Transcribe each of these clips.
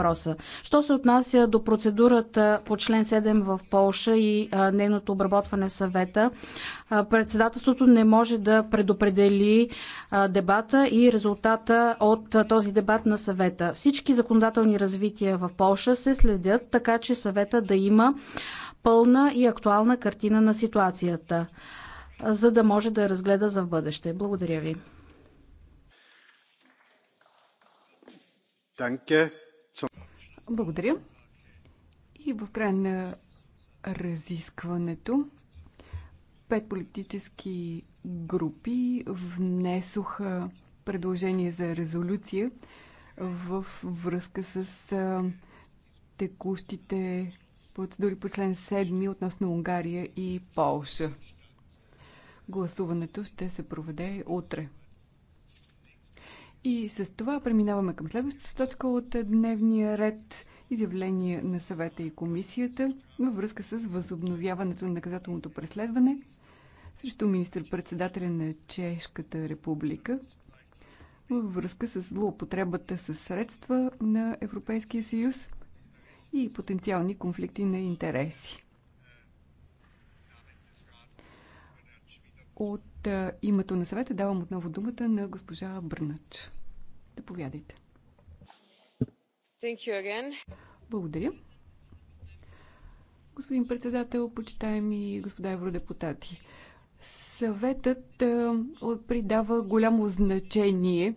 въпроса. Що се отнася до процедурата по член 7 в Полша и а, нейното обработване в съвета, а, председателството не може да предопредели а, дебата и резултата от а, този дебат на съвета. Всички законодателни развития в Полша се следят така, че съвета да има пълна и актуална картина на ситуацията, за да може да я разгледа за в бъдеще. Благодаря ви. Danke. Благодаря. И в край на разискването пет политически групи внесоха предложение за резолюция в връзка с текущите процедури по член 7 относно Унгария и Полша. Гласуването ще се проведе утре. И с това преминаваме към следващата точка от дневния ред изявление на съвета и комисията във връзка с възобновяването на наказателното преследване срещу министър-председателя на Чешката република във връзка с злоупотребата с средства на Европейския съюз и потенциални конфликти на интереси. От името на съвета давам отново думата на госпожа Бърнач. Заповядайте. Благодаря. Господин председател, почитаеми господа евродепутати, съветът придава голямо значение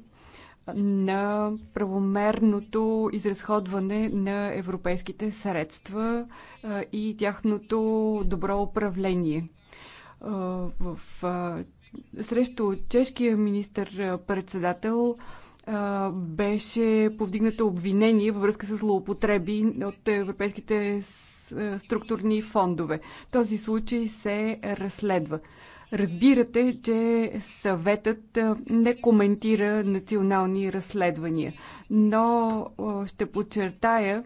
на правомерното изразходване на европейските средства и тяхното добро управление. В срещу чешкия министър-председател беше повдигнато обвинение във връзка с злоупотреби от европейските структурни фондове. Този случай се разследва. Разбирате, че съветът не коментира национални разследвания, но ще подчертая,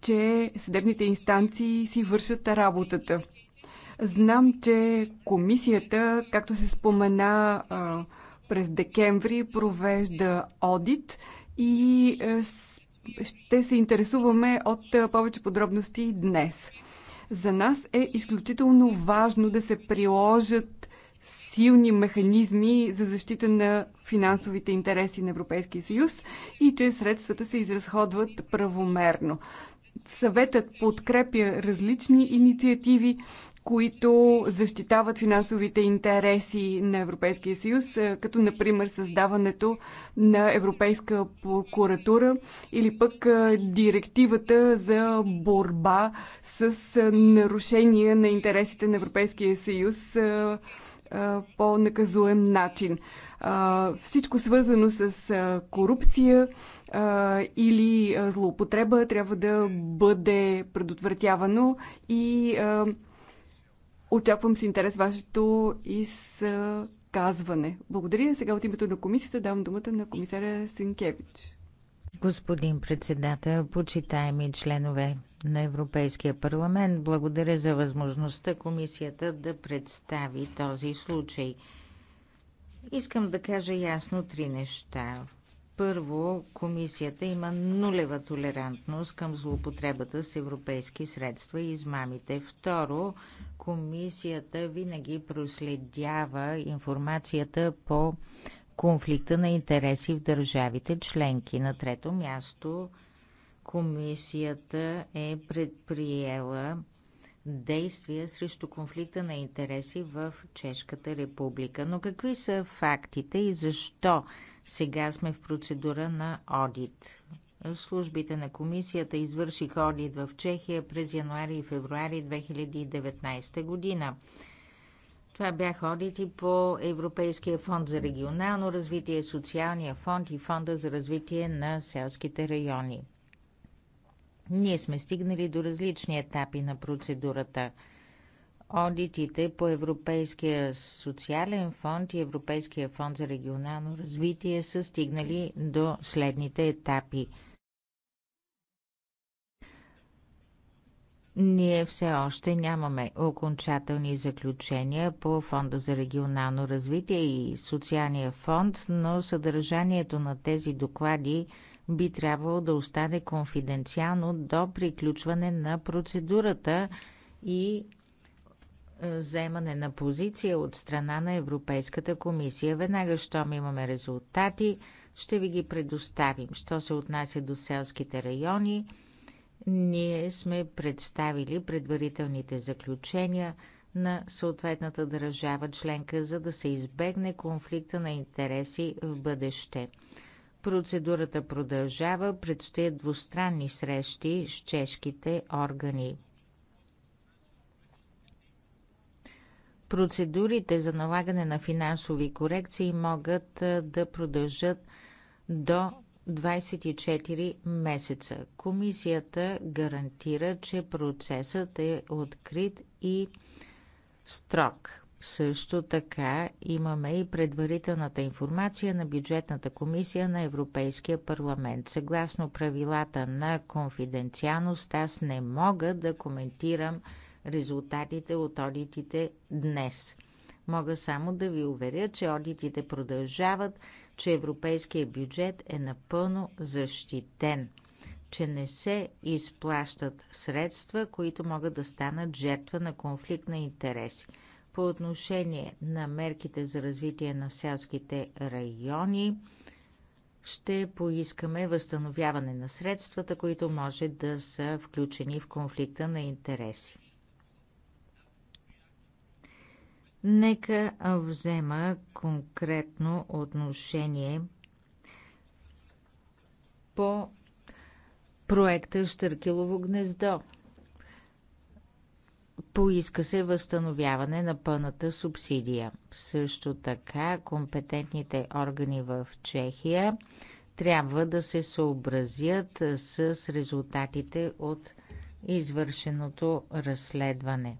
че съдебните инстанции си вършат работата. Знам, че комисията, както се спомена през декември провежда одит и е, ще се интересуваме от е, повече подробности днес. За нас е изключително важно да се приложат силни механизми за защита на финансовите интереси на Европейския съюз и че средствата се изразходват правомерно. Съветът подкрепя различни инициативи които защитават финансовите интереси на Европейския съюз, е, като например създаването на Европейска прокуратура или пък е, директивата за борба с е, нарушения на интересите на Европейския съюз по наказуем начин. Всичко свързано с корупция или злоупотреба трябва да бъде предотвратявано и Очаквам с интерес вашето изказване. Благодаря. Сега от името на комисията давам думата на комисаря Сенкевич. Господин председател, почитаеми членове на Европейския парламент, благодаря за възможността комисията да представи този случай. Искам да кажа ясно три неща. Първо, комисията има нулева толерантност към злоупотребата с европейски средства и измамите. Второ, комисията винаги проследява информацията по конфликта на интереси в държавите членки. На трето място, комисията е предприела действия срещу конфликта на интереси в Чешката република. Но какви са фактите и защо сега сме в процедура на одит. Службите на комисията извършиха одит в Чехия през януари и февруари 2019 година. Това бяха одити по Европейския фонд за регионално развитие, Социалния фонд и Фонда за развитие на селските райони. Ние сме стигнали до различни етапи на процедурата – одитите по Европейския социален фонд и Европейския фонд за регионално развитие са стигнали до следните етапи. Ние все още нямаме окончателни заключения по Фонда за регионално развитие и Социалния фонд, но съдържанието на тези доклади би трябвало да остане конфиденциално до приключване на процедурата и Вземане е, на позиция от страна на Европейската комисия. Веднага, щом имаме резултати, ще ви ги предоставим. Що се отнася до селските райони, ние сме представили предварителните заключения на съответната държава членка, за да се избегне конфликта на интереси в бъдеще. Процедурата продължава, предстоят двустранни срещи с чешките органи. Процедурите за налагане на финансови корекции могат да продължат до 24 месеца. Комисията гарантира, че процесът е открит и строг. Също така имаме и предварителната информация на бюджетната комисия на Европейския парламент. Съгласно правилата на конфиденциалност, аз не мога да коментирам резултатите от одитите днес. Мога само да ви уверя, че одитите продължават, че европейският бюджет е напълно защитен, че не се изплащат средства, които могат да станат жертва на конфликт на интереси. По отношение на мерките за развитие на селските райони, ще поискаме възстановяване на средствата, които може да са включени в конфликта на интереси. Нека взема конкретно отношение по проекта Штъркилово гнездо. Поиска се възстановяване на пълната субсидия. Също така компетентните органи в Чехия трябва да се съобразят с резултатите от извършеното разследване.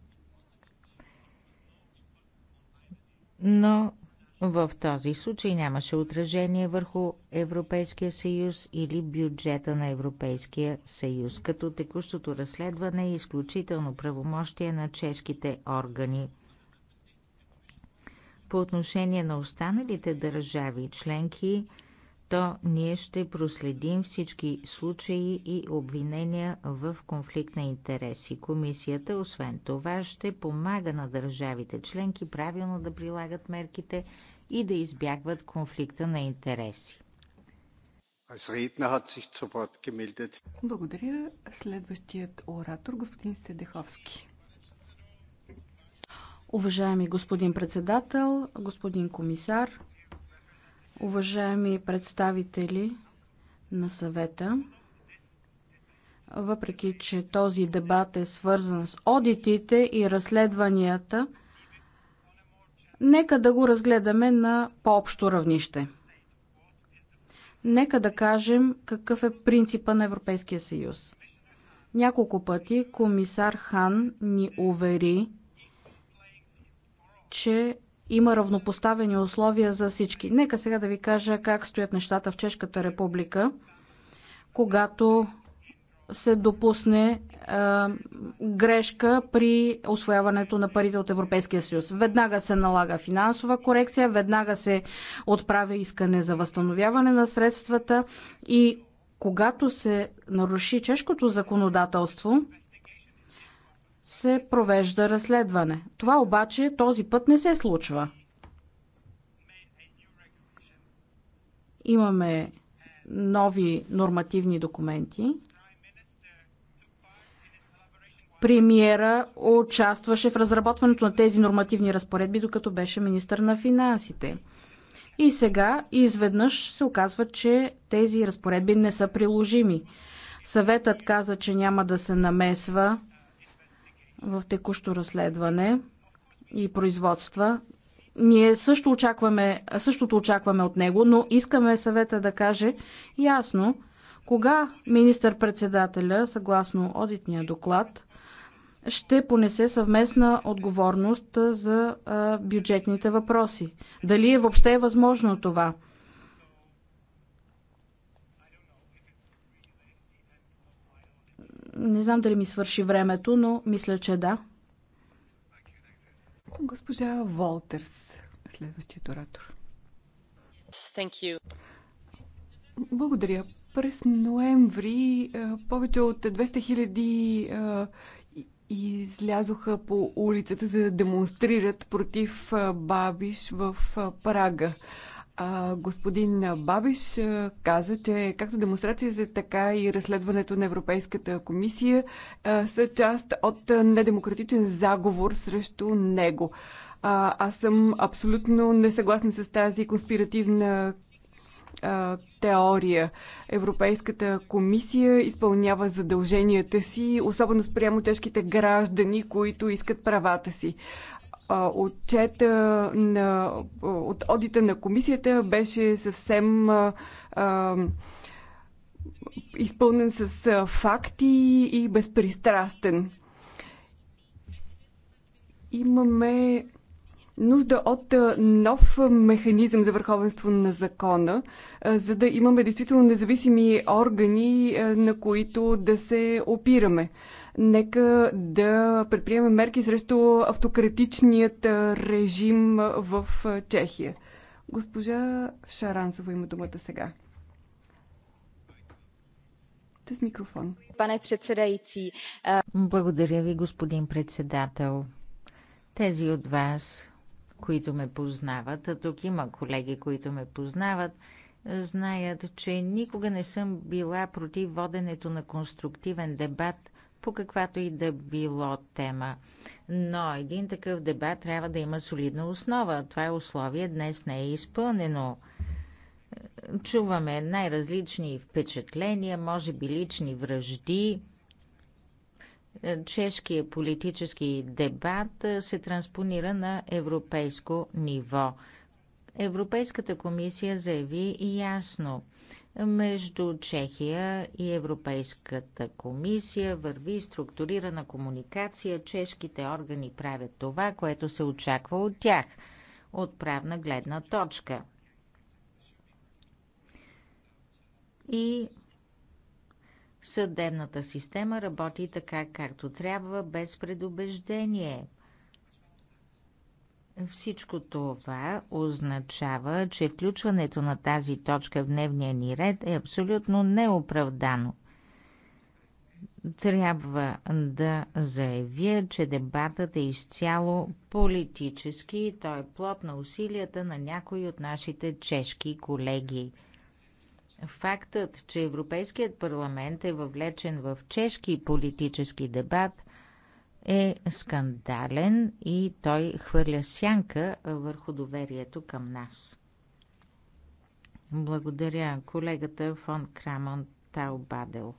но в този случай нямаше отражение върху Европейския съюз или бюджета на Европейския съюз, като текущото разследване е изключително правомощие на чешките органи. По отношение на останалите държави членки, то ние ще проследим всички случаи и обвинения в конфликт на интереси. Комисията, освен това, ще помага на държавите членки правилно да прилагат мерките и да избягват конфликта на интереси. Благодаря. Следващият оратор, господин Седеховски. Уважаеми господин председател, господин комисар, уважаеми представители на съвета, въпреки че този дебат е свързан с одитите и разследванията, нека да го разгледаме на по-общо равнище. Нека да кажем какъв е принципа на Европейския съюз. Няколко пъти комисар Хан ни увери, че има равнопоставени условия за всички. Нека сега да ви кажа как стоят нещата в Чешката република, когато се допусне а, грешка при освояването на парите от Европейския съюз. Веднага се налага финансова корекция, веднага се отправя искане за възстановяване на средствата и когато се наруши чешкото законодателство, се провежда разследване. Това обаче този път не се случва. Имаме нови нормативни документи. Премиера участваше в разработването на тези нормативни разпоредби, докато беше министър на финансите. И сега изведнъж се оказва, че тези разпоредби не са приложими. Съветът каза, че няма да се намесва в текущо разследване и производства. Ние също очакваме, същото очакваме от него, но искаме съвета да каже ясно кога министър-председателя, съгласно одитния доклад, ще понесе съвместна отговорност за бюджетните въпроси. Дали е въобще е възможно това? Не знам дали ми свърши времето, но мисля, че да. Госпожа Волтерс, следващият оратор. Благодаря. През ноември повече от 200 хиляди излязоха по улицата, за да демонстрират против Бабиш в Прага. А, господин Бабиш каза, че както демонстрацията, така и разследването на Европейската комисия а, са част от недемократичен заговор срещу него. А, аз съм абсолютно несъгласна с тази конспиративна теория. Европейската комисия изпълнява задълженията си, особено спрямо тежките граждани, които искат правата си отчета на, от одита на комисията беше съвсем а, изпълнен с факти и безпристрастен. Имаме нужда от нов механизъм за върховенство на закона, за да имаме действително независими органи, на които да се опираме. Нека да предприемем мерки срещу автократичният режим в Чехия. Госпожа Шаранцева има думата сега. С микрофон. Пане председající. Благодаря ви, господин председател. Тези от вас, които ме познават, а тук има колеги, които ме познават, знаят, че никога не съм била против воденето на конструктивен дебат по каквато и да било тема. Но един такъв дебат трябва да има солидна основа. Това е условие днес не е изпълнено. Чуваме най-различни впечатления, може би лични връжди. Чешкият политически дебат се транспонира на европейско ниво. Европейската комисия заяви ясно, между Чехия и Европейската комисия върви структурирана комуникация. Чешките органи правят това, което се очаква от тях от правна гледна точка. И съдебната система работи така, както трябва, без предубеждение – всичко това означава, че включването на тази точка в дневния ни ред е абсолютно неоправдано. Трябва да заявя, че дебатът е изцяло политически и той е плод на усилията на някои от нашите чешки колеги. Фактът, че Европейският парламент е въвлечен в чешки политически дебат – е скандален и той хвърля сянка върху доверието към нас. Благодаря колегата фон Крамон Таубадел.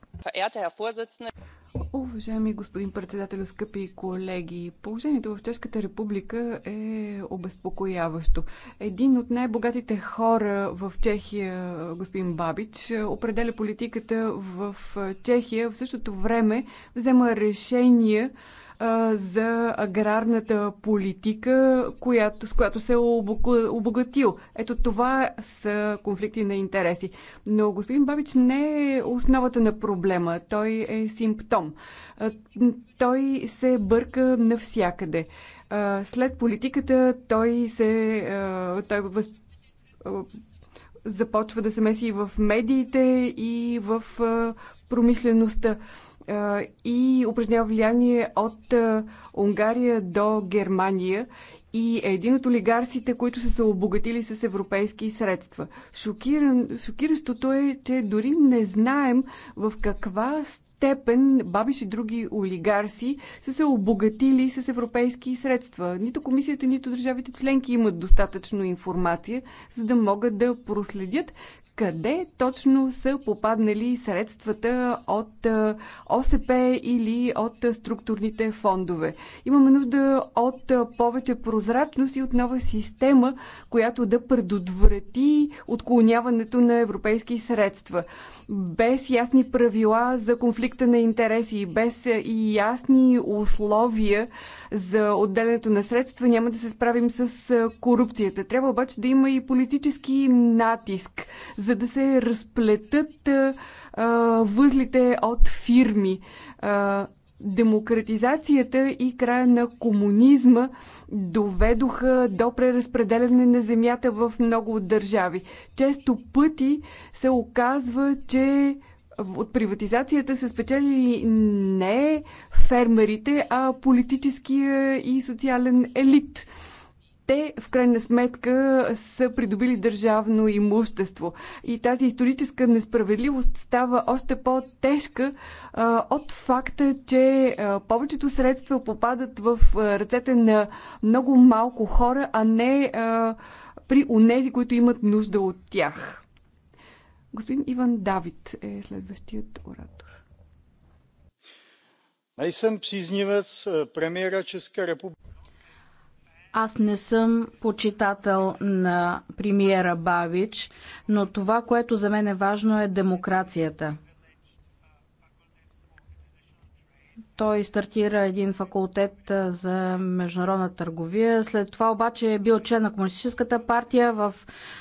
Уважаеми господин председател, скъпи колеги, положението в Чешката република е обезпокояващо. Един от най-богатите хора в Чехия, господин Бабич, определя политиката в Чехия. В същото време взема решения за аграрната политика, която, с която се е обогатил. Ето това са конфликти на интереси. Но господин Бабич не е основата на проблема. Той е симптом. Той се бърка навсякъде. След политиката той се. Той въз... започва да се меси и в медиите, и в промишлеността и упражнява влияние от Унгария до Германия и е един от олигарсите, които са се обогатили с европейски средства. Шокиран, шокиращото е, че дори не знаем в каква степен Бабиш и други олигарси са се обогатили с европейски средства. Нито комисията, нито държавите членки имат достатъчно информация, за да могат да проследят къде точно са попаднали средствата от ОСП или от структурните фондове. Имаме нужда от повече прозрачност и от нова система, която да предотврати отклоняването на европейски средства без ясни правила за конфликта на интереси, без и ясни условия за отделянето на средства, няма да се справим с корупцията. Трябва обаче да има и политически натиск, за да се разплетат възлите от фирми демократизацията и края на комунизма доведоха до преразпределяне на земята в много държави. Често пъти се оказва, че от приватизацията са спечелили не фермерите, а политическия и социален елит те в крайна сметка са придобили държавно имущество. И тази историческа несправедливост става още по-тежка от факта, че а, повечето средства попадат в а, ръцете на много малко хора, а не а, при онези, които имат нужда от тях. Господин Иван Давид е следващият оратор. Най-съм příznivec премиера Ческа република. Аз не съм почитател на премиера Бавич, но това, което за мен е важно е демокрацията. Той стартира един факултет за международна търговия. След това обаче е бил член на Комунистическата партия, в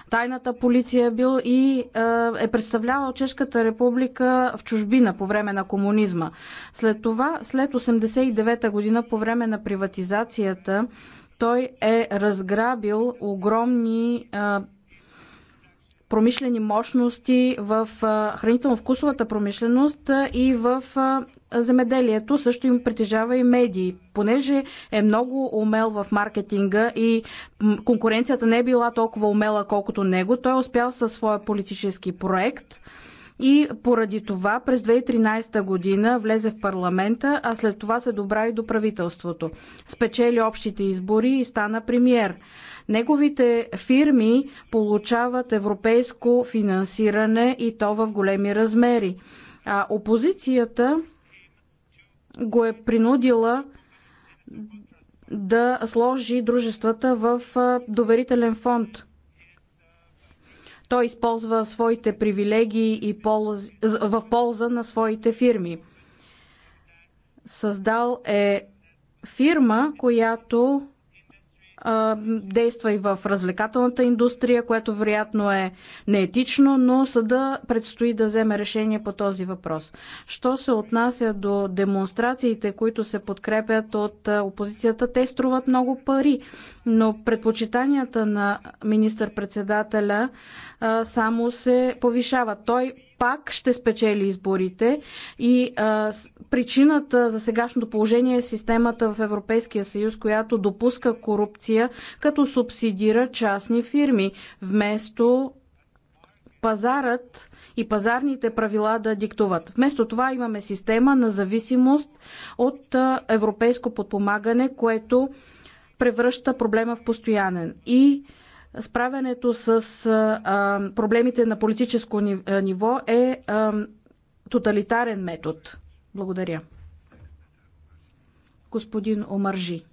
тайната полиция е бил и е представлявал Чешката република в чужбина по време на комунизма. След това, след 89-та година, по време на приватизацията, той е разграбил огромни а, промишлени мощности в хранително-вкусовата промишленост и в земеделието. Също им притежава и медии. Понеже е много умел в маркетинга и конкуренцията не е била толкова умела, колкото него, той е успял със своя политически проект – и поради това през 2013 година влезе в парламента, а след това се добра и до правителството. Спечели общите избори и стана премьер. Неговите фирми получават европейско финансиране и то в големи размери. А опозицията го е принудила да сложи дружествата в доверителен фонд – той използва своите привилегии и полз... в полза на своите фирми. Създал е фирма, която действа и в развлекателната индустрия, което вероятно е неетично, но съда предстои да вземе решение по този въпрос. Що се отнася до демонстрациите, които се подкрепят от опозицията, те струват много пари, но предпочитанията на министър-председателя само се повишават. Той пак ще спечели изборите и а, причината за сегашното положение е системата в Европейския съюз, която допуска корупция, като субсидира частни фирми, вместо пазарът и пазарните правила да диктуват. Вместо това имаме система на зависимост от европейско подпомагане, което превръща проблема в постоянен. И справянето с проблемите на политическо ниво е тоталитарен метод. Благодаря. Господин Омаржи.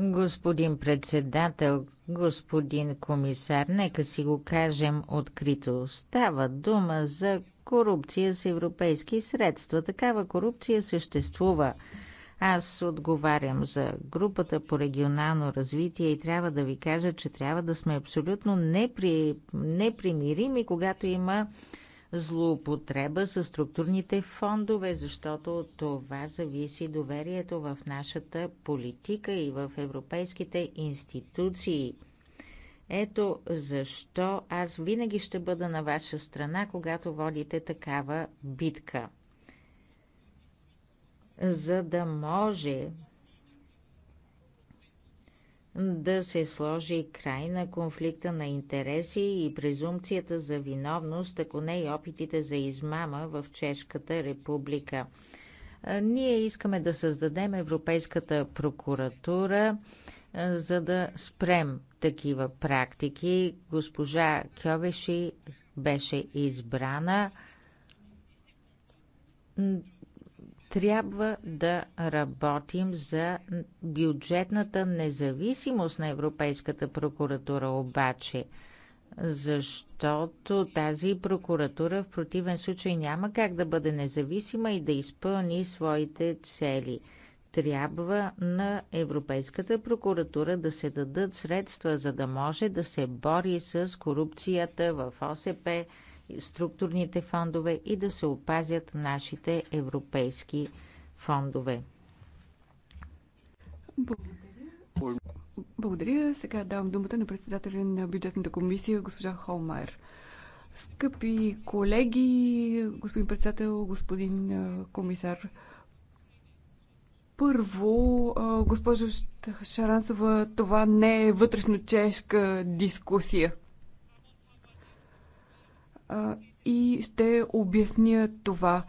Господин председател, господин комисар, нека си го кажем открито. Става дума за корупция с европейски средства. Такава корупция съществува. Аз отговарям за групата по регионално развитие и трябва да ви кажа, че трябва да сме абсолютно непри... непримирими, когато има злоупотреба с структурните фондове, защото това зависи доверието в нашата политика и в европейските институции. Ето защо аз винаги ще бъда на ваша страна, когато водите такава битка за да може да се сложи край на конфликта на интереси и презумпцията за виновност, ако не и опитите за измама в Чешката република. Ние искаме да създадем Европейската прокуратура, за да спрем такива практики. Госпожа Кьовеши беше избрана трябва да работим за бюджетната независимост на Европейската прокуратура обаче, защото тази прокуратура в противен случай няма как да бъде независима и да изпълни своите цели трябва на Европейската прокуратура да се дадат средства, за да може да се бори с корупцията в ОСП, структурните фондове и да се опазят нашите европейски фондове. Благодаря. Сега давам думата на председателя на бюджетната комисия, госпожа Холмайер. Скъпи колеги, господин председател, господин комисар, първо, госпожо Шарансова, това не е вътрешно чешка дискусия и ще обясня това.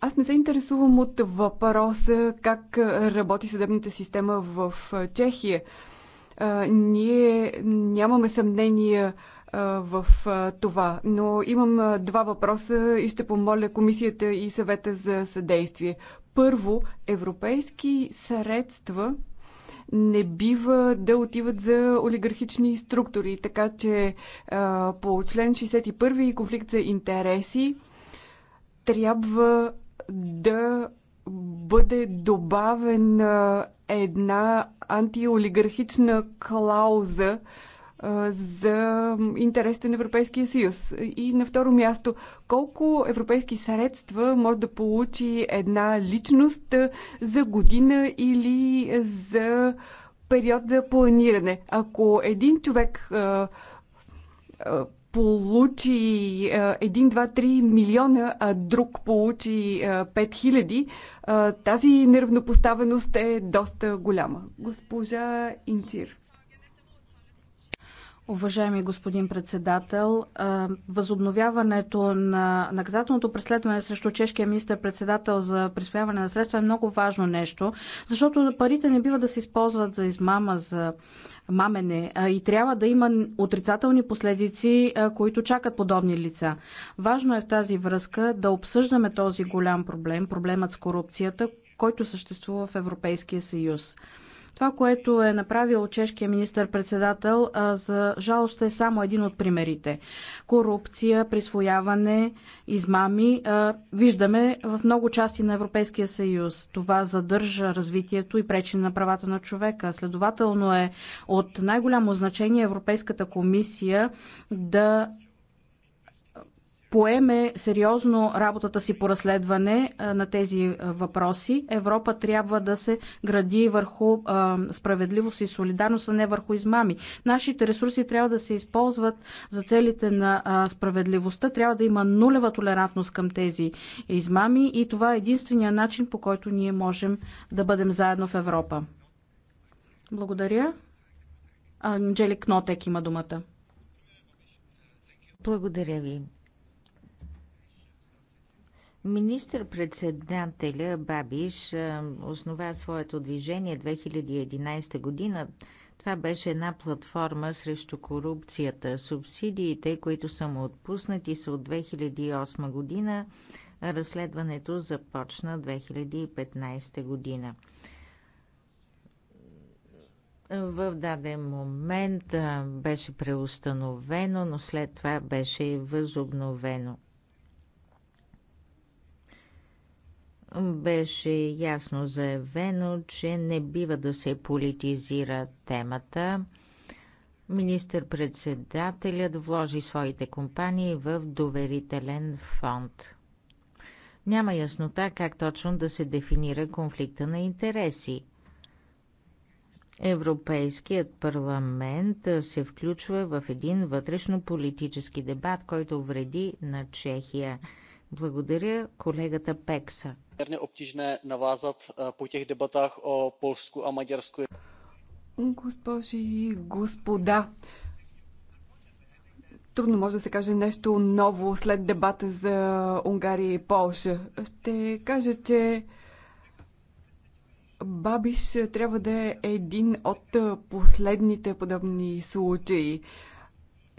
Аз не се интересувам от въпроса как работи съдебната система в Чехия. Ние нямаме съмнения в това, но имам два въпроса и ще помоля комисията и съвета за съдействие. Първо, европейски средства не бива да отиват за олигархични структури. Така че по член 61 и конфликт за интереси трябва да бъде добавена една антиолигархична клауза за интересите на Европейския съюз? И на второ място, колко европейски средства може да получи една личност за година или за период за планиране? Ако един човек получи 1, 2, 3 милиона, а друг получи 5 хиляди, тази неравнопоставеност е доста голяма. Госпожа Инцир. Уважаеми господин председател, възобновяването на наказателното преследване срещу чешкия министр-председател за присвояване на средства е много важно нещо, защото парите не бива да се използват за измама, за мамене и трябва да има отрицателни последици, които чакат подобни лица. Важно е в тази връзка да обсъждаме този голям проблем, проблемът с корупцията, който съществува в Европейския съюз. Това, което е направил чешкият министр-председател, за жалост е само един от примерите. Корупция, присвояване, измами виждаме в много части на Европейския съюз. Това задържа развитието и пречи на правата на човека. Следователно е от най-голямо значение Европейската комисия да поеме сериозно работата си по разследване на тези въпроси. Европа трябва да се гради върху справедливост и солидарност, а не върху измами. Нашите ресурси трябва да се използват за целите на справедливостта. Трябва да има нулева толерантност към тези измами и това е единствения начин, по който ние можем да бъдем заедно в Европа. Благодаря. Анджелик Нотек има думата. Благодаря ви. Министър-председателя Бабиш е, основа своето движение 2011 година. Това беше една платформа срещу корупцията. Субсидиите, които са му отпуснати, са от 2008 година. Разследването започна 2015 година. В даден момент е, беше преустановено, но след това беше възобновено. беше ясно заявено, че не бива да се политизира темата. Министър-председателят вложи своите компании в доверителен фонд. Няма яснота как точно да се дефинира конфликта на интереси. Европейският парламент се включва в един вътрешно политически дебат, който вреди на Чехия – благодаря колегата Пекса. Обтижне навазат по тех дебатах о а Госпожи и господа, трудно може да се каже нещо ново след дебата за Унгария и Полша. Ще кажа, че Бабиш трябва да е един от последните подобни случаи.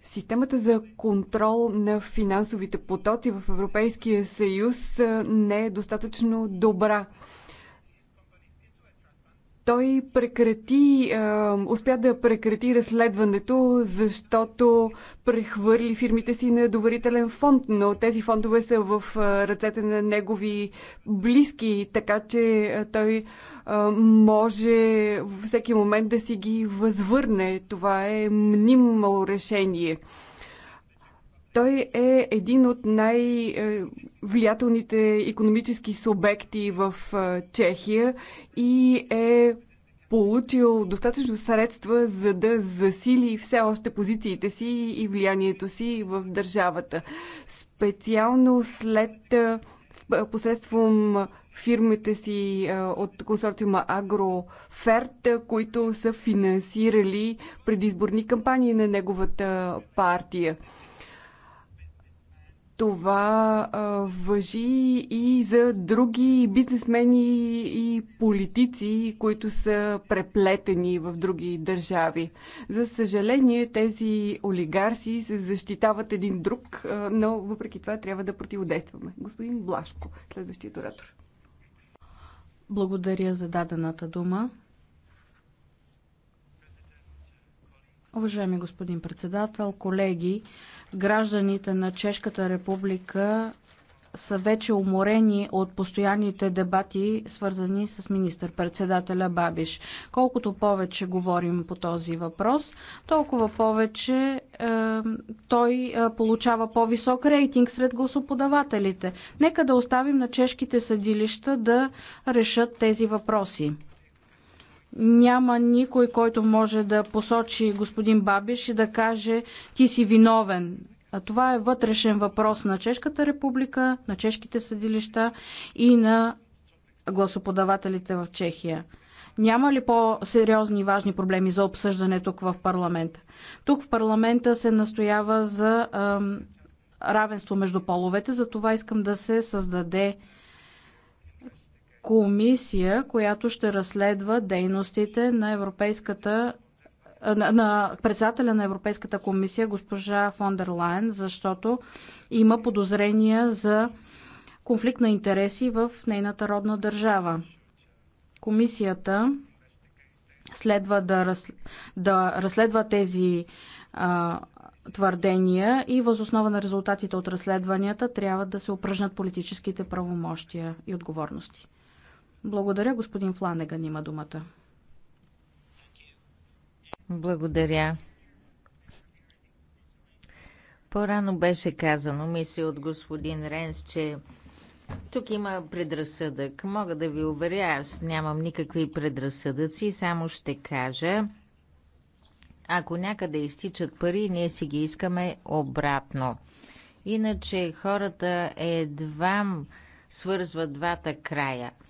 Системата за контрол на финансовите потоци в Европейския съюз не е достатъчно добра. Той прекрати, успя да прекрати разследването, защото прехвърли фирмите си на доверителен фонд, но тези фондове са в ръцете на негови близки, така че той може във всеки момент да си ги възвърне. Това е мнимо решение. Той е един от най-влиятелните економически субекти в Чехия и е получил достатъчно средства, за да засили все още позициите си и влиянието си в държавата. Специално след посредством фирмите си от консорциума Агроферт, които са финансирали предизборни кампании на неговата партия. Това а, въжи и за други бизнесмени и политици, които са преплетени в други държави. За съжаление, тези олигарси се защитават един друг, а, но въпреки това трябва да противодействаме. Господин Блашко, следващият оратор. Благодаря за дадената дума. Уважаеми господин председател, колеги, гражданите на Чешката република са вече уморени от постоянните дебати, свързани с министър-председателя Бабиш. Колкото повече говорим по този въпрос, толкова повече е, той е, получава по-висок рейтинг сред гласоподавателите. Нека да оставим на чешките съдилища да решат тези въпроси няма никой, който може да посочи господин Бабиш и да каже ти си виновен а това е вътрешен въпрос на Чешката република, на чешките съдилища и на гласоподавателите в Чехия. Няма ли по-сериозни и важни проблеми за обсъждане тук в парламента? Тук в парламента се настоява за ам, равенство между половете, за това искам да се създаде комисия, която ще разследва дейностите на Европейската на, на председателя на Европейската комисия, госпожа Фондер Лайн, защото има подозрения за конфликт на интереси в нейната родна държава. Комисията следва да, раз, да разследва тези а, твърдения и възоснова на резултатите от разследванията трябва да се упражнат политическите правомощия и отговорности. Благодаря, господин Фланеган има думата. Благодаря. По-рано беше казано, мисля от господин Ренс, че тук има предразсъдък. Мога да ви уверя, аз нямам никакви предразсъдъци, само ще кажа, ако някъде изтичат пари, ние си ги искаме обратно. Иначе хората едва свързват двата края –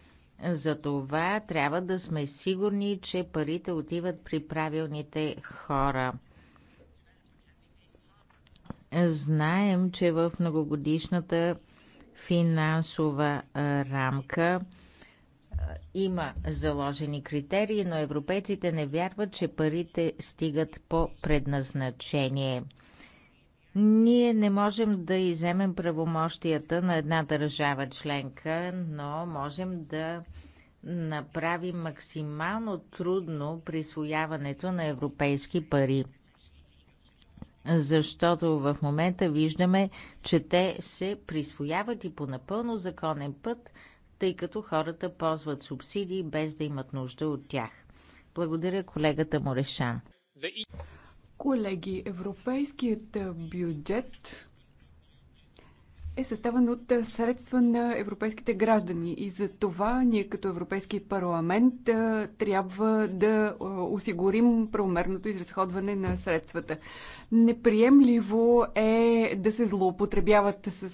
затова трябва да сме сигурни, че парите отиват при правилните хора. Знаем, че в многогодишната финансова рамка има заложени критерии, но европейците не вярват, че парите стигат по предназначение – ние не можем да иземем правомощията на една държава членка, но можем да направим максимално трудно присвояването на европейски пари. Защото в момента виждаме, че те се присвояват и по напълно законен път, тъй като хората ползват субсидии без да имат нужда от тях. Благодаря колегата Морешан. Колеги, европейският бюджет е съставен от средства на европейските граждани и за това ние като Европейски парламент трябва да осигурим правомерното изразходване на средствата. Неприемливо е да се злоупотребяват с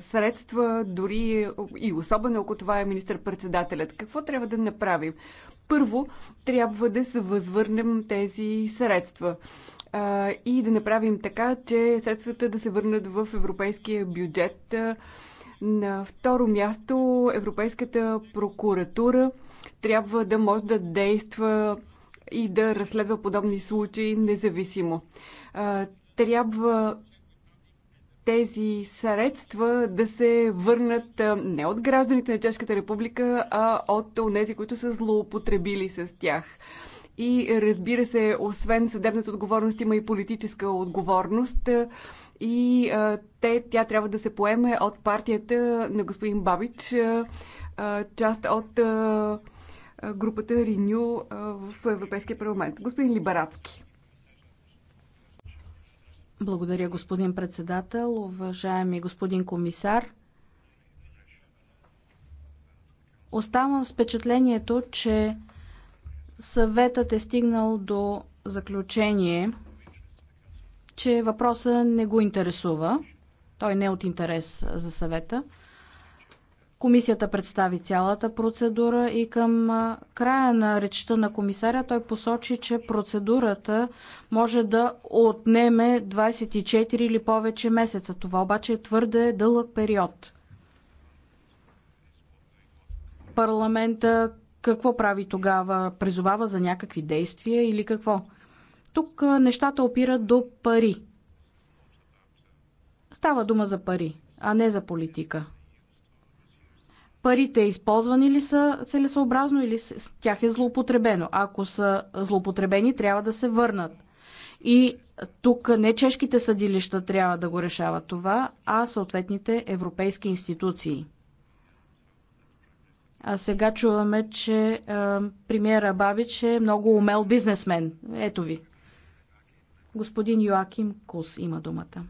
средства, дори и особено ако това е министър-председателят. Какво трябва да направим? Първо, трябва да се възвърнем тези средства а, и да направим така, че средствата да се върнат в европейския бюджет. На второ място Европейската прокуратура трябва да може да действа и да разследва подобни случаи независимо. Трябва тези средства да се върнат не от гражданите на Чешката република, а от тези, които са злоупотребили с тях. И разбира се, освен съдебната отговорност, има и политическа отговорност. И а, те, тя трябва да се поеме от партията на господин Бабич, а, част от а, групата Риню в Европейския парламент. Господин Либарацки. Благодаря, господин председател. Уважаеми господин комисар, оставам с впечатлението, че Съветът е стигнал до заключение, че въпроса не го интересува. Той не е от интерес за съвета. Комисията представи цялата процедура и към края на речта на комисаря той посочи, че процедурата може да отнеме 24 или повече месеца. Това обаче е твърде дълъг период. Парламента какво прави тогава? Призовава за някакви действия или какво? Тук нещата опират до пари. Става дума за пари, а не за политика. Парите използвани ли са целесообразно или с тях е злоупотребено? Ако са злоупотребени, трябва да се върнат. И тук не чешките съдилища трябва да го решават това, а съответните европейски институции. А сега чуваме, че а, премиера Бабич е много умел бизнесмен. Ето ви. Господин Йоаким Кус има думата.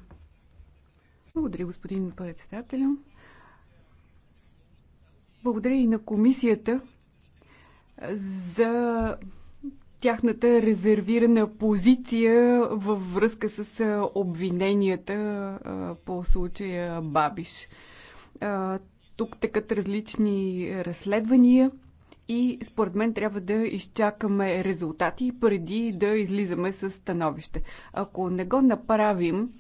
Благодаря, господин председател. Благодаря и на комисията за тяхната резервирана позиция във връзка с обвиненията по случая Бабиш тук текат различни разследвания и според мен трябва да изчакаме резултати преди да излизаме с становище. Ако не го направим,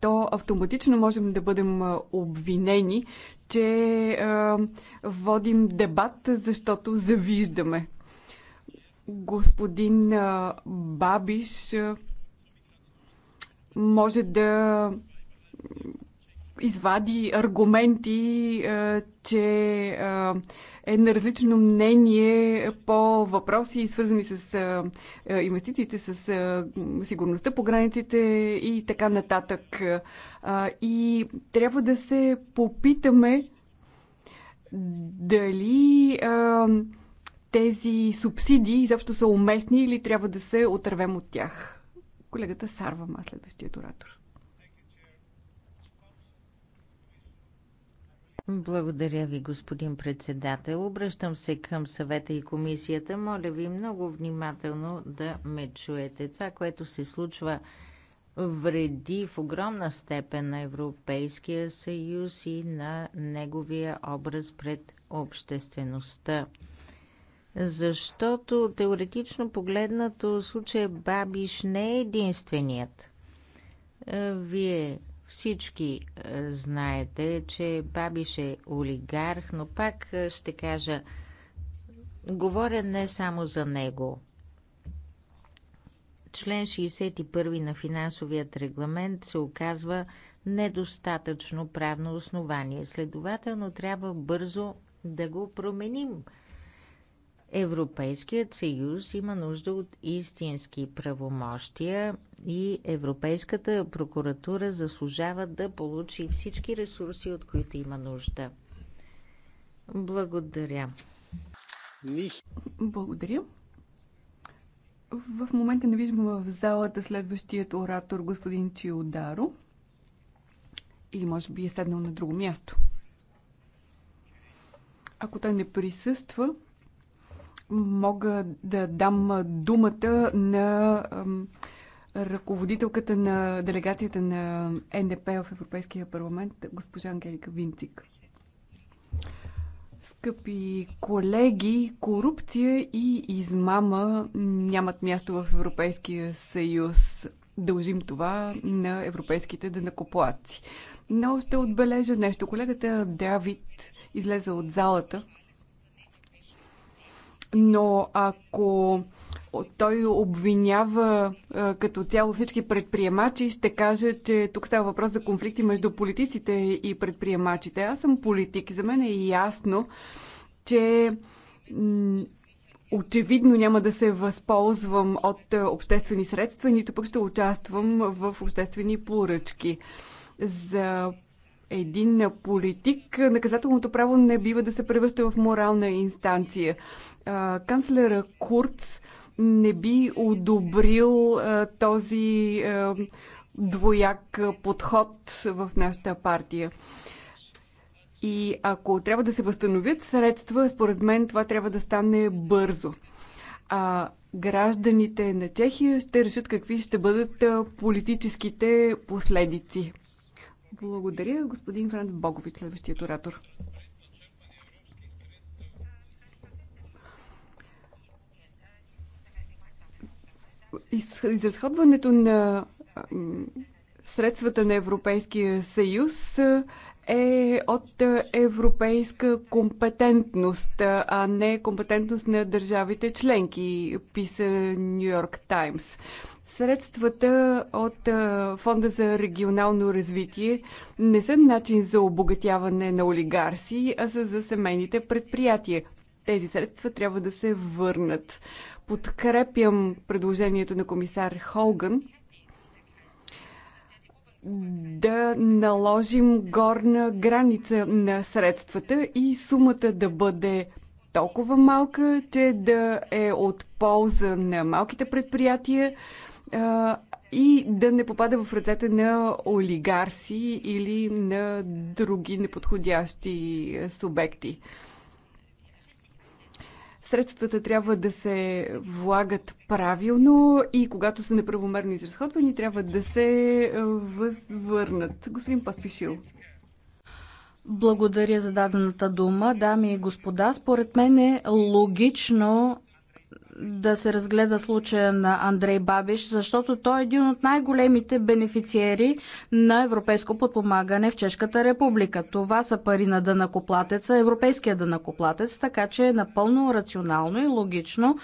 то автоматично можем да бъдем обвинени, че е, водим дебат, защото завиждаме. Господин е, Бабиш е, може да извади аргументи, е, че е, е на различно мнение по въпроси, свързани с е, инвестициите, с сигурността по границите и така нататък. И трябва да се попитаме дали тези субсидии изобщо са уместни или трябва да се отървем от тях. Колегата Сарва, следващият оратор. Благодаря ви, господин председател. Обръщам се към съвета и комисията. Моля ви много внимателно да ме чуете. Това, което се случва вреди в огромна степен на Европейския съюз и на неговия образ пред обществеността. Защото теоретично погледнато случая Бабиш не е единственият. Вие всички е, знаете, че Бабиш е олигарх, но пак е, ще кажа, говоря не само за него. Член 61 на финансовият регламент се оказва недостатъчно правно основание. Следователно трябва бързо да го променим – Европейският съюз има нужда от истински правомощия и Европейската прокуратура заслужава да получи всички ресурси, от които има нужда. Благодаря. Благодаря. В момента не виждам в залата следващият оратор, господин Чиодаро. Или може би е седнал на друго място. Ако той не присъства, мога да дам думата на ръководителката на делегацията на НДП в Европейския парламент, госпожа Ангелика Винцик. Скъпи колеги, корупция и измама нямат място в Европейския съюз. Дължим това на европейските денакоплаци. Но ще отбележа нещо. Колегата Давид излезе от залата, но ако той обвинява като цяло всички предприемачи, ще каже, че тук става въпрос за конфликти между политиците и предприемачите. Аз съм политик. За мен е ясно, че очевидно няма да се възползвам от обществени средства, нито пък ще участвам в обществени поръчки. За един политик, наказателното право не бива да се превръща в морална инстанция. Канцлера Курц не би одобрил този двояк подход в нашата партия. И ако трябва да се възстановят средства, според мен това трябва да стане бързо. А гражданите на Чехия ще решат какви ще бъдат политическите последици. Благодаря, господин Франц Богович, следващият оратор. Изразходването на средствата на Европейския съюз е от европейска компетентност, а не компетентност на държавите членки, писа Нью Йорк Таймс. Средствата от Фонда за регионално развитие не са начин за обогатяване на олигарси, а са за семейните предприятия. Тези средства трябва да се върнат. Подкрепям предложението на комисар Холган да наложим горна граница на средствата и сумата да бъде толкова малка, че да е от полза на малките предприятия, и да не попада в ръцете на олигарси или на други неподходящи субекти. Средствата трябва да се влагат правилно и когато са неправомерно изразходвани, трябва да се възвърнат. Господин Паспишил. Благодаря за дадената дума. Дами и господа, според мен е логично да се разгледа случая на Андрей Бабиш, защото той е един от най-големите бенефициери на европейско подпомагане в Чешката република. Това са пари на дънакоплатеца, европейския дънакоплатец, така че е напълно рационално и логично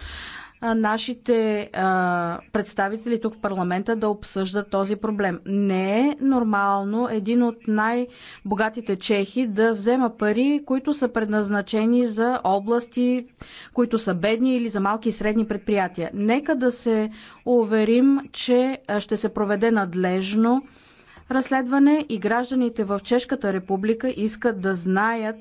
нашите а, представители тук в парламента да обсъждат този проблем. Не е нормално един от най-богатите чехи да взема пари, които са предназначени за области, които са бедни или за малки и средни предприятия. Нека да се уверим, че ще се проведе надлежно разследване и гражданите в Чешката република искат да знаят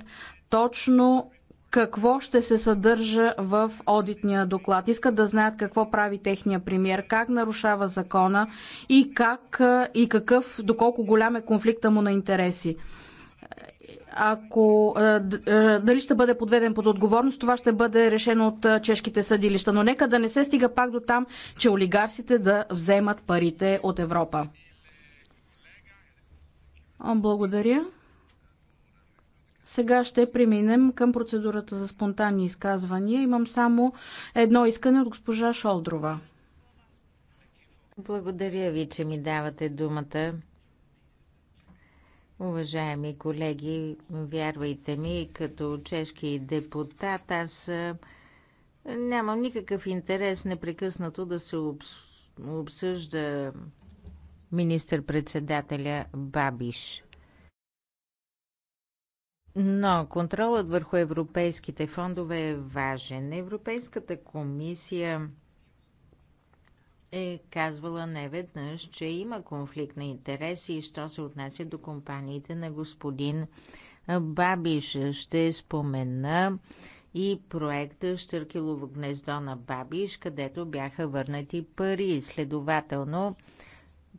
точно какво ще се съдържа в одитния доклад. Искат да знаят какво прави техния премьер, как нарушава закона и, как, и какъв, доколко голям е конфликта му на интереси ако е, е, дали ще бъде подведен под отговорност, това ще бъде решено от е, чешките съдилища. Но нека да не се стига пак до там, че олигарсите да вземат парите от Европа. Благодаря. Сега ще преминем към процедурата за спонтанни изказвания. Имам само едно искане от госпожа Шолдрова. Благодаря ви, че ми давате думата. Уважаеми колеги, вярвайте ми, като чешки депутат, аз нямам никакъв интерес непрекъснато да се обсъжда министър-председателя Бабиш. Но контролът върху европейските фондове е важен. Европейската комисия е казвала неведнъж, че има конфликт на интереси и що се отнася до компаниите на господин Бабиш. Ще спомена и проекта Штъркилово гнездо на Бабиш, където бяха върнати пари. Следователно,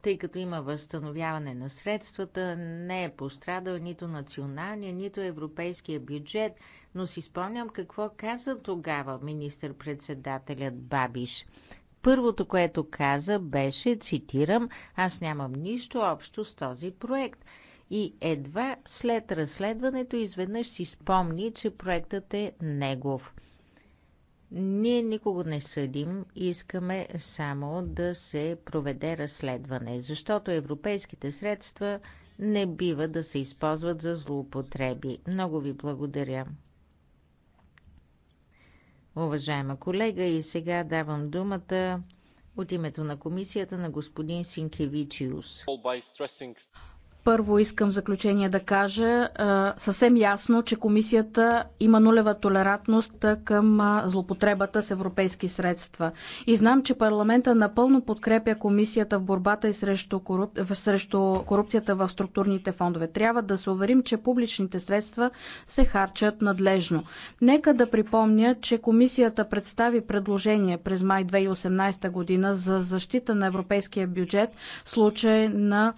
тъй като има възстановяване на средствата, не е пострадал нито националния, нито европейския бюджет, но си спомням какво каза тогава министър-председателят Бабиш. Първото, което каза, беше, цитирам, аз нямам нищо общо с този проект. И едва след разследването изведнъж си спомни, че проектът е негов – ние никого не съдим, искаме само да се проведе разследване, защото европейските средства не бива да се използват за злоупотреби. Много ви благодаря. Уважаема колега, и сега давам думата от името на комисията на господин Синкевичиус. Първо искам в заключение да кажа съвсем ясно, че комисията има нулева толерантност към злопотребата с европейски средства. И знам, че парламента напълно подкрепя комисията в борбата и срещу, коруп... срещу корупцията в структурните фондове. Трябва да се уверим, че публичните средства се харчат надлежно. Нека да припомня, че комисията представи предложение през май 2018 година за защита на европейския бюджет в случай на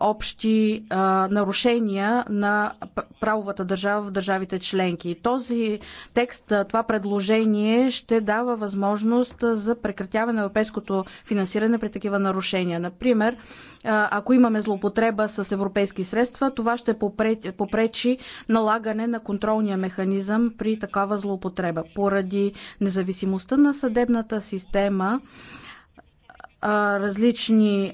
общи нарушения на правовата държава в държавите членки. Този текст, това предложение ще дава възможност за прекратяване на европейското финансиране при такива нарушения. Например, ако имаме злоупотреба с европейски средства, това ще попречи налагане на контролния механизъм при такава злоупотреба. Поради независимостта на съдебната система, различни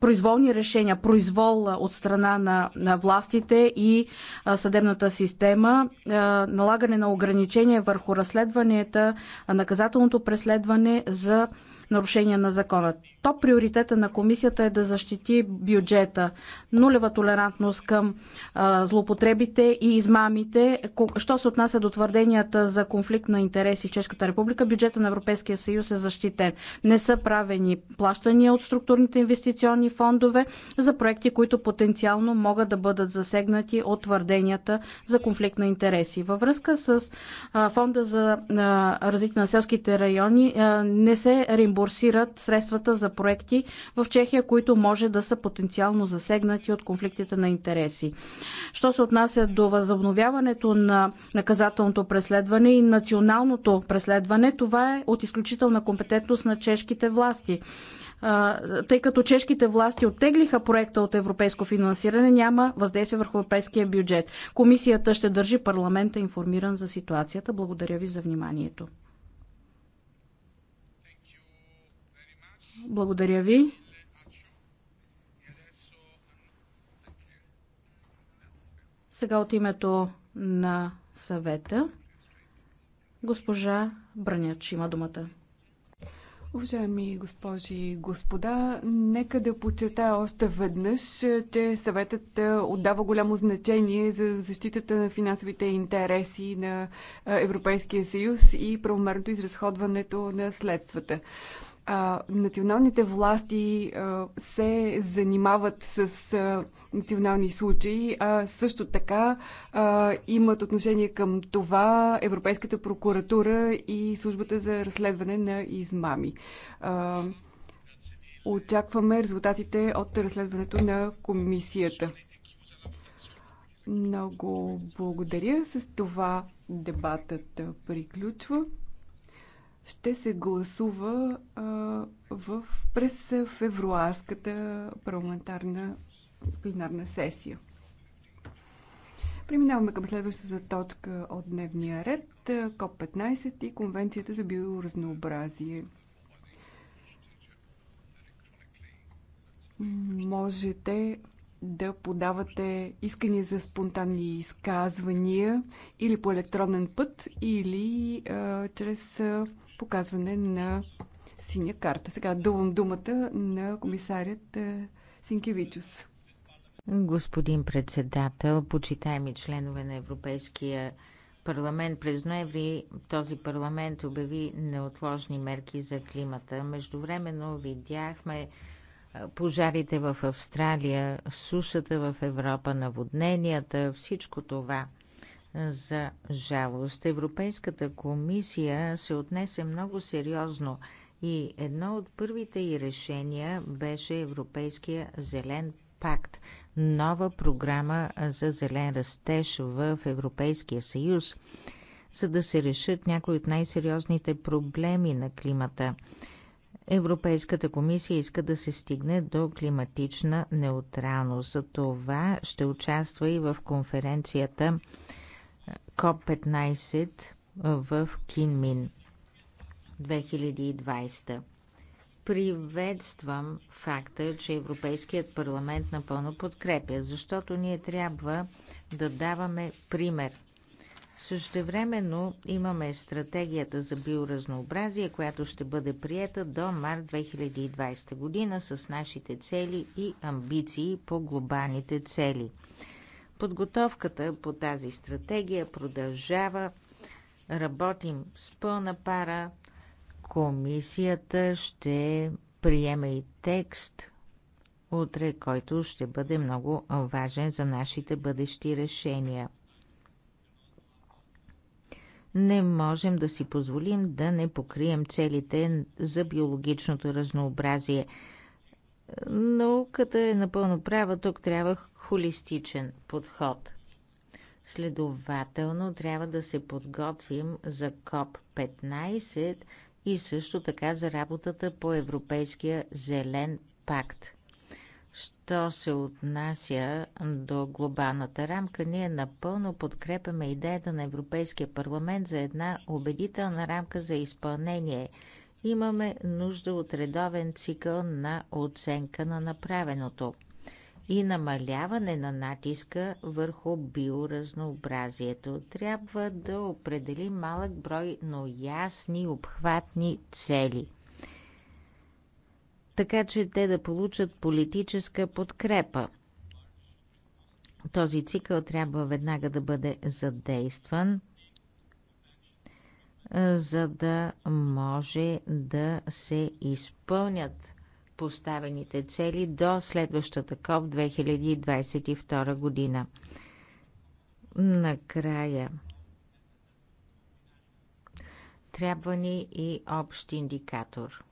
произволни решения, произвол от страна на, на властите и а, съдебната система, а, налагане на ограничения върху разследванията, наказателното преследване за нарушения на закона. Топ приоритета на комисията е да защити бюджета, нулева толерантност към а, злоупотребите и измамите. Що се отнася до твърденията за конфликт на интереси в Чешката република, бюджета на Европейския съюз е защитен. Не са правени плащания от структурните инвестиционни фондове за проекти, които потенциално могат да бъдат засегнати от твърденията за конфликт на интереси. Във връзка с а, фонда за а, развитие на селските райони а, не се реимбурсират форсират средствата за проекти в Чехия, които може да са потенциално засегнати от конфликтите на интереси. Що се отнася до възобновяването на наказателното преследване и националното преследване, това е от изключителна компетентност на чешките власти тъй като чешките власти оттеглиха проекта от европейско финансиране, няма въздействие върху европейския бюджет. Комисията ще държи парламента информиран за ситуацията. Благодаря ви за вниманието. Благодаря ви. Сега от името на съвета госпожа Браняч има думата. Уважаеми госпожи и господа, нека да почета още веднъж, че съветът е, отдава голямо значение за защитата на финансовите интереси на е, Европейския съюз и правомерното изразходването на следствата а, националните власти а, се занимават с а, национални случаи, а също така а, имат отношение към това Европейската прокуратура и службата за разследване на измами. А, очакваме резултатите от разследването на комисията. Много благодаря. С това дебатът приключва ще се гласува а, в, през февруарската парламентарна пленарна сесия. Преминаваме към следващата точка от дневния ред КОП-15 и Конвенцията за биоразнообразие. Можете да подавате искания за спонтанни изказвания или по електронен път, или а, чрез а, показване на синя карта. Сега давам думата на комисарят е, Синкевичус. Господин председател, почитаеми членове на Европейския парламент. През ноември този парламент обяви неотложни мерки за климата. Междувременно видяхме е, пожарите в Австралия, сушата в Европа, наводненията, всичко това – за жалост, Европейската комисия се отнесе много сериозно и едно от първите й решения беше Европейския зелен пакт, нова програма за зелен растеж в Европейския съюз, за да се решат някои от най-сериозните проблеми на климата. Европейската комисия иска да се стигне до климатична неутралност. За това ще участва и в конференцията КОП-15 в Кинмин 2020. Приветствам факта, че Европейският парламент напълно подкрепя, защото ние трябва да даваме пример. Същевременно имаме стратегията за биоразнообразие, която ще бъде приета до март 2020 година с нашите цели и амбиции по глобалните цели – Подготовката по тази стратегия продължава. Работим с пълна пара. Комисията ще приеме и текст утре, който ще бъде много важен за нашите бъдещи решения. Не можем да си позволим да не покрием целите за биологичното разнообразие. Науката е напълно права. Тук трябва холистичен подход. Следователно трябва да се подготвим за КОП-15 и също така за работата по Европейския зелен пакт. Що се отнася до глобалната рамка, ние напълно подкрепяме идеята на Европейския парламент за една убедителна рамка за изпълнение. Имаме нужда от редовен цикъл на оценка на направеното – и намаляване на натиска върху биоразнообразието. Трябва да определи малък брой, но ясни, обхватни цели. Така че те да получат политическа подкрепа. Този цикъл трябва веднага да бъде задействан, за да може да се изпълнят поставените цели до следващата КОП 2022 година. Накрая трябва ни и общ индикатор.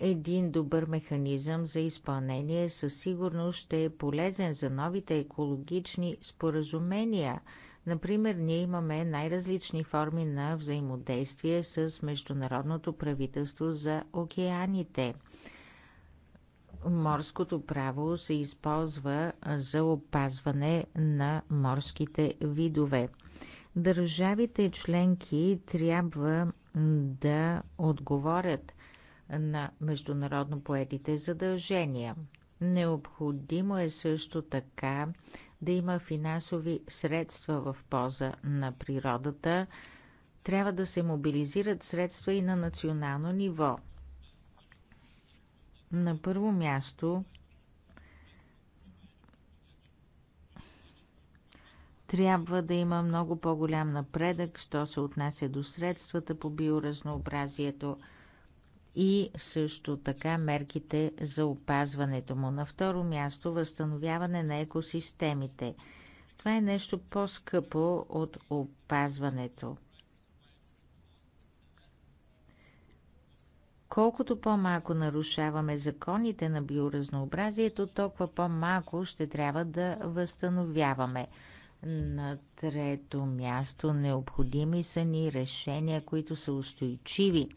Един добър механизъм за изпълнение със сигурност ще е полезен за новите екологични споразумения – Например, ние имаме най-различни форми на взаимодействие с Международното правителство за океаните. Морското право се използва за опазване на морските видове. Държавите членки трябва да отговорят на международно поетите задължения. Необходимо е също така да има финансови средства в полза на природата. Трябва да се мобилизират средства и на национално ниво. На първо място трябва да има много по-голям напредък, що се отнася до средствата по биоразнообразието – и също така мерките за опазването му. На второ място възстановяване на екосистемите. Това е нещо по-скъпо от опазването. Колкото по-малко нарушаваме законите на биоразнообразието, толкова по-малко ще трябва да възстановяваме. На трето място необходими са ни решения, които са устойчиви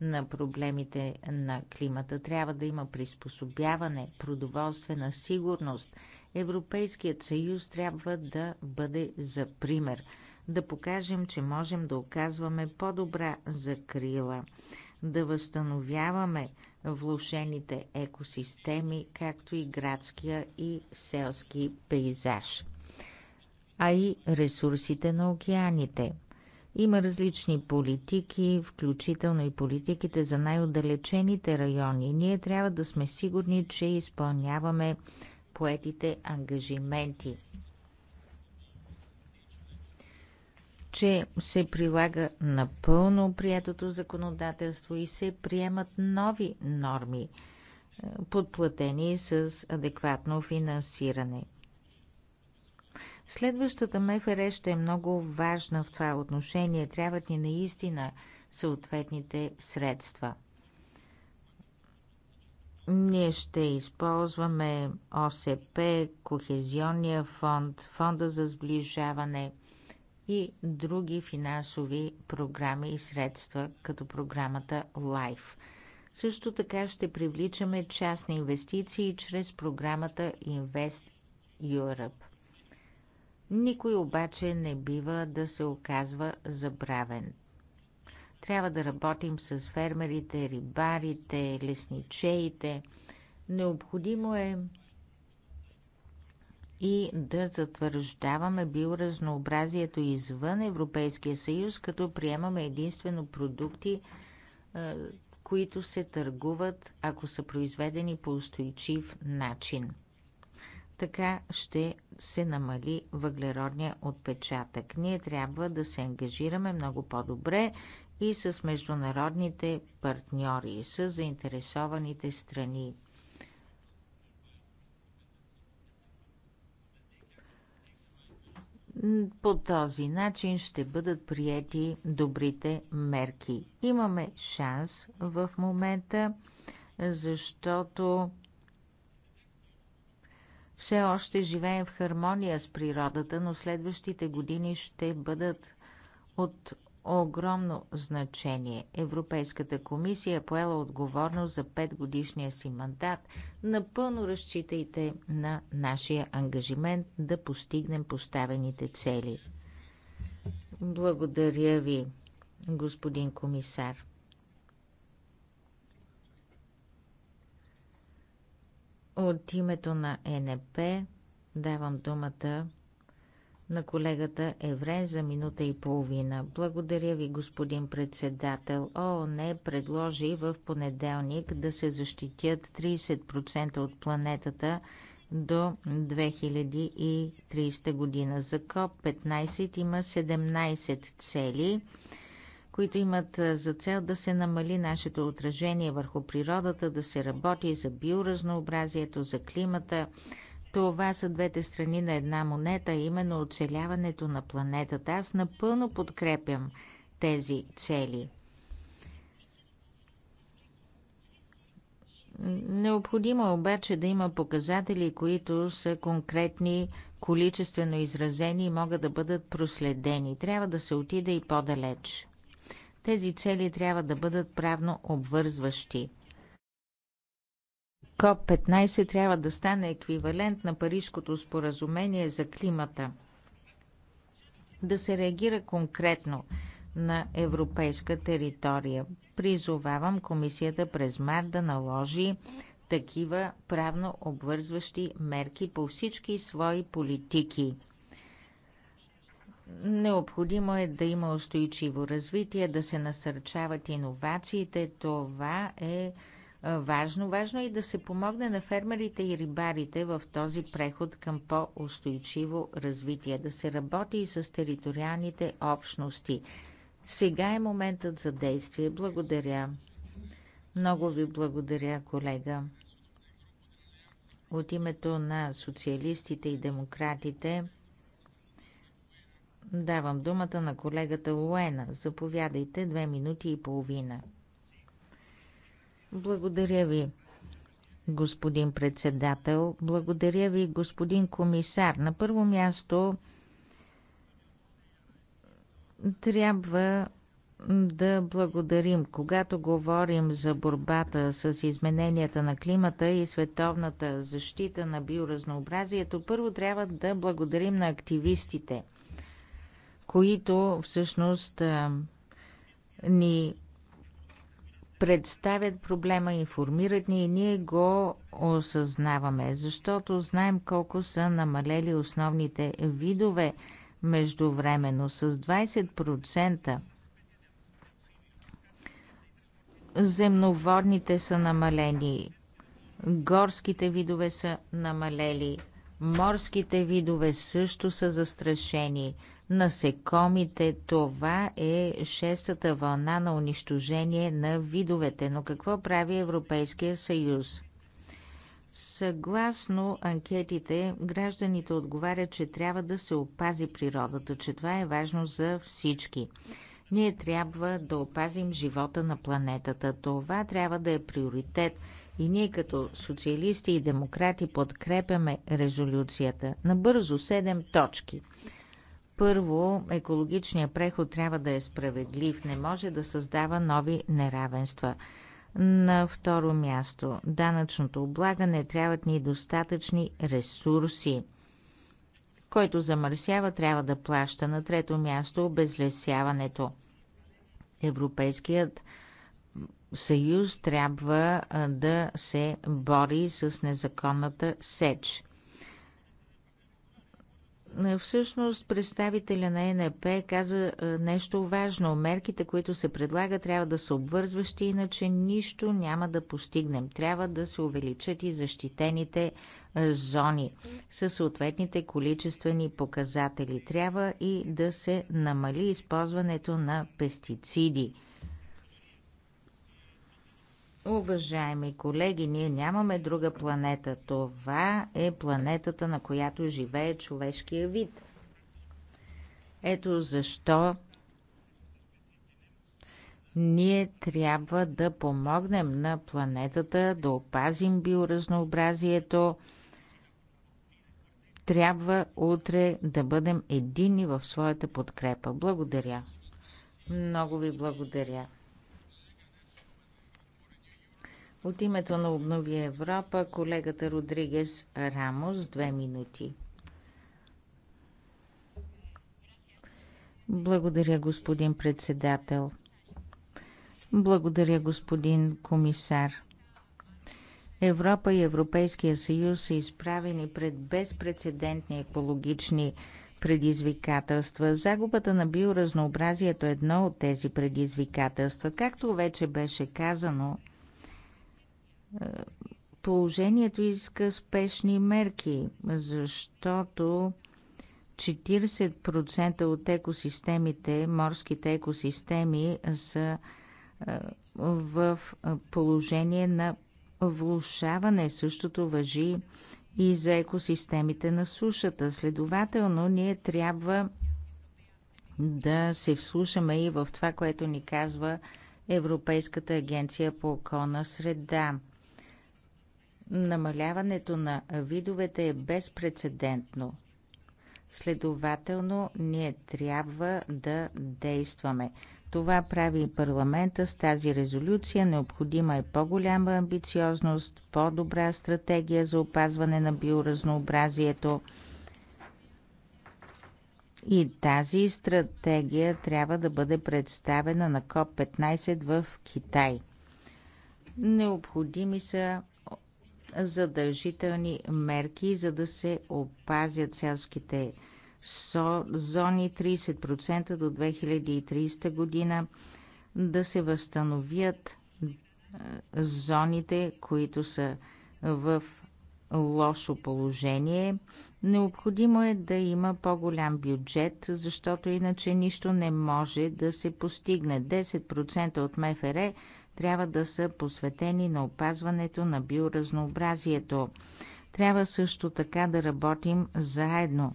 на проблемите на климата. Трябва да има приспособяване, продоволствена сигурност. Европейският съюз трябва да бъде за пример. Да покажем, че можем да оказваме по-добра закрила, да възстановяваме влушените екосистеми, както и градския и селски пейзаж, а и ресурсите на океаните – има различни политики, включително и политиките за най-отдалечените райони. Ние трябва да сме сигурни, че изпълняваме поетите ангажименти, че се прилага напълно приятото законодателство и се приемат нови норми, е, подплатени с адекватно финансиране. Следващата МФР ще е много важна в това отношение. Трябват ни наистина съответните средства. Ние ще използваме ОСП, Кохезионния фонд, Фонда за сближаване и други финансови програми и средства, като програмата LIFE. Също така ще привличаме частни инвестиции чрез програмата Invest Europe. Никой обаче не бива да се оказва забравен. Трябва да работим с фермерите, рибарите, лесничеите. Необходимо е и да затвърждаваме биоразнообразието извън Европейския съюз, като приемаме единствено продукти, които се търгуват, ако са произведени по устойчив начин. Така ще се намали въглеродния отпечатък. Ние трябва да се ангажираме много по-добре и с международните партньори, с заинтересованите страни. По този начин ще бъдат приети добрите мерки. Имаме шанс в момента, защото все още живеем в хармония с природата, но следващите години ще бъдат от огромно значение. Европейската комисия е поела отговорност за 5 годишния си мандат. Напълно разчитайте на нашия ангажимент да постигнем поставените цели. Благодаря ви, господин комисар. От името на НП давам думата на колегата Еврен за минута и половина. Благодаря ви, господин председател. ООН предложи в понеделник да се защитят 30% от планетата до 2030 година. За КОП-15 има 17 цели които имат за цел да се намали нашето отражение върху природата, да се работи за биоразнообразието, за климата. Това са двете страни на една монета, именно оцеляването на планетата. Аз напълно подкрепям тези цели. Необходимо е обаче да има показатели, които са конкретни, количествено изразени и могат да бъдат проследени. Трябва да се отида и по-далеч. Тези цели трябва да бъдат правно обвързващи. КОП-15 трябва да стане еквивалент на Парижкото споразумение за климата. Да се реагира конкретно на европейска територия. Призовавам комисията през март да наложи такива правно обвързващи мерки по всички свои политики. Необходимо е да има устойчиво развитие, да се насърчават иновациите. Това е важно. Важно е и да се помогне на фермерите и рибарите в този преход към по-устойчиво развитие, да се работи и с териториалните общности. Сега е моментът за действие. Благодаря. Много ви благодаря, колега. От името на социалистите и демократите Давам думата на колегата Луена. Заповядайте две минути и половина. Благодаря ви, господин председател. Благодаря ви, господин комисар. На първо място трябва да благодарим, когато говорим за борбата с измененията на климата и световната защита на биоразнообразието, първо трябва да благодарим на активистите – които всъщност ни представят проблема, информират ни и ние го осъзнаваме, защото знаем колко са намалели основните видове междувременно с 20%. Земноводните са намалени, горските видове са намалели, морските видове също са застрашени, насекомите. Това е шестата вълна на унищожение на видовете. Но какво прави Европейския съюз? Съгласно анкетите, гражданите отговарят, че трябва да се опази природата, че това е важно за всички. Ние трябва да опазим живота на планетата. Това трябва да е приоритет. И ние като социалисти и демократи подкрепяме резолюцията. Набързо 7 точки – първо, екологичният преход трябва да е справедлив, не може да създава нови неравенства. На второ място, данъчното облагане трябват ни достатъчни ресурси. Който замърсява, трябва да плаща. На трето място, обезлесяването. Европейският съюз трябва да се бори с незаконната сеч. Е, всъщност представителя на НП каза е, нещо важно. Мерките, които се предлага, трябва да са обвързващи, иначе нищо няма да постигнем. Трябва да се увеличат и защитените е, зони със съответните количествени показатели. Трябва и да се намали използването на пестициди – Уважаеми колеги, ние нямаме друга планета. Това е планетата, на която живее човешкия вид. Ето защо ние трябва да помогнем на планетата, да опазим биоразнообразието. Трябва утре да бъдем едини в своята подкрепа. Благодаря. Много ви благодаря. От името на Обнови Европа, колегата Родригес Рамос, две минути. Благодаря, господин председател. Благодаря, господин комисар. Европа и Европейския съюз са изправени пред безпредседентни екологични предизвикателства. Загубата на биоразнообразието е едно от тези предизвикателства. Както вече беше казано, положението иска спешни мерки, защото 40% от екосистемите, морските екосистеми са в положение на влушаване. Същото въжи и за екосистемите на сушата. Следователно, ние трябва да се вслушаме и в това, което ни казва Европейската агенция по околна среда. Намаляването на видовете е безпредседентно. Следователно, ние трябва да действаме. Това прави и парламента с тази резолюция. Необходима е по-голяма амбициозност, по-добра стратегия за опазване на биоразнообразието. И тази стратегия трябва да бъде представена на КОП-15 в Китай. Необходими са задължителни мерки, за да се опазят селските зони 30% до 2030 година, да се възстановят е, зоните, които са в лошо положение. Необходимо е да има по-голям бюджет, защото иначе нищо не може да се постигне. 10% от МФР трябва да са посветени на опазването на биоразнообразието. Трябва също така да работим заедно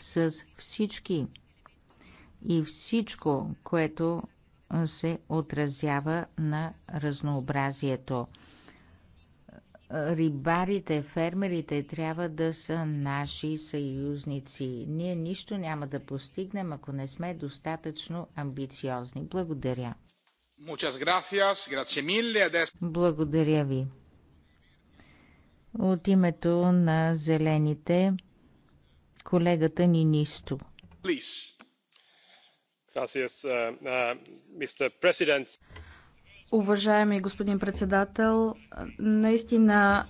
с всички и всичко, което се отразява на разнообразието. Рибарите, фермерите трябва да са наши съюзници. Ние нищо няма да постигнем, ако не сме достатъчно амбициозни. Благодаря. Благодаря ви. От името на зелените, колегата ни нищо. Please. Uh, uh, Уважаеми господин председател, наистина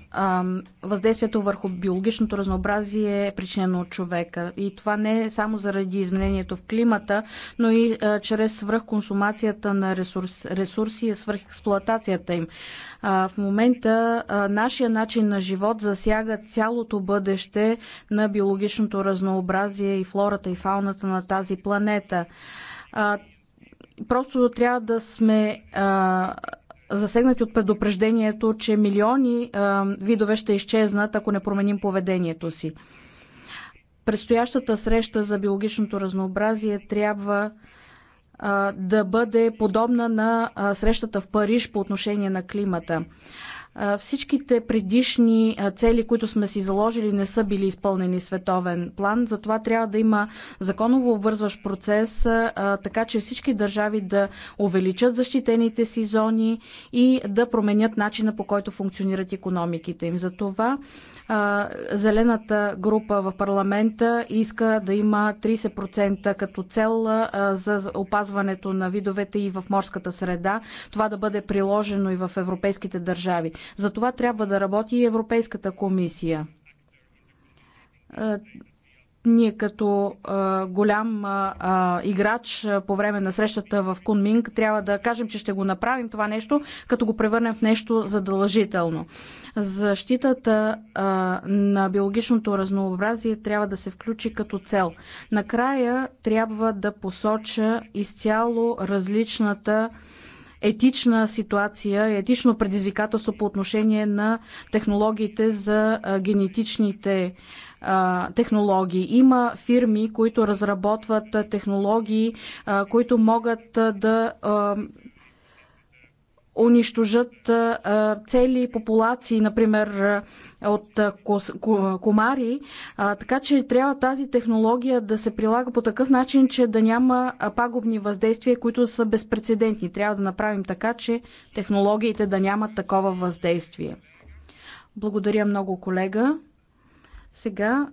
въздействието върху биологичното разнообразие е причинено от човека. И това не е само заради изменението в климата, но и чрез свръхконсумацията на ресурси и свръхексплуатацията им. В момента нашия начин на живот засяга цялото бъдеще на биологичното разнообразие и флората и фауната на тази планета Просто трябва да сме а, засегнати от предупреждението, че милиони а, видове ще изчезнат, ако не променим поведението си. Предстоящата среща за биологичното разнообразие трябва а, да бъде подобна на а, срещата в Париж по отношение на климата. Всичките предишни цели, които сме си заложили, не са били изпълнени световен план. Затова трябва да има законово обвързващ процес, така че всички държави да увеличат защитените си зони и да променят начина по който функционират економиките им. Затова зелената група в парламента иска да има 30% като цел за опазването на видовете и в морската среда. Това да бъде приложено и в европейските държави. За това трябва да работи и Европейската комисия е, ние като а, е, голям а, е, играч а, по време на срещата в Кунминг трябва да кажем, че ще го направим това нещо, като го превърнем в нещо задължително. Защитата а, на биологичното разнообразие трябва да се включи като цел. Накрая трябва да посоча изцяло различната а, етична ситуация, етично предизвикателство по отношение на технологиите за генетичните технологии. Има фирми, които разработват технологии, които могат да унищожат цели популации, например от комари, така че трябва тази технология да се прилага по такъв начин, че да няма пагубни въздействия, които са безпредседентни. Трябва да направим така, че технологиите да нямат такова въздействие. Благодаря много, колега. Сега